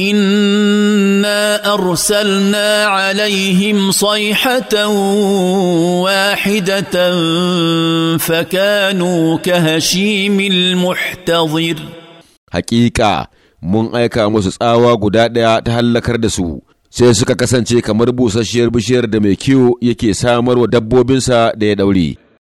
انا ارسلنا عليهم صيحه واحده فكانوا كهشيم المحتضر haƙiƙa mun aika musu tsawa guda ɗaya ta hallakar da su sai suka kasance kamar busasshiyar bishiyar da mai kiwo yake samarwa dabbobinsa da ya ɗaure.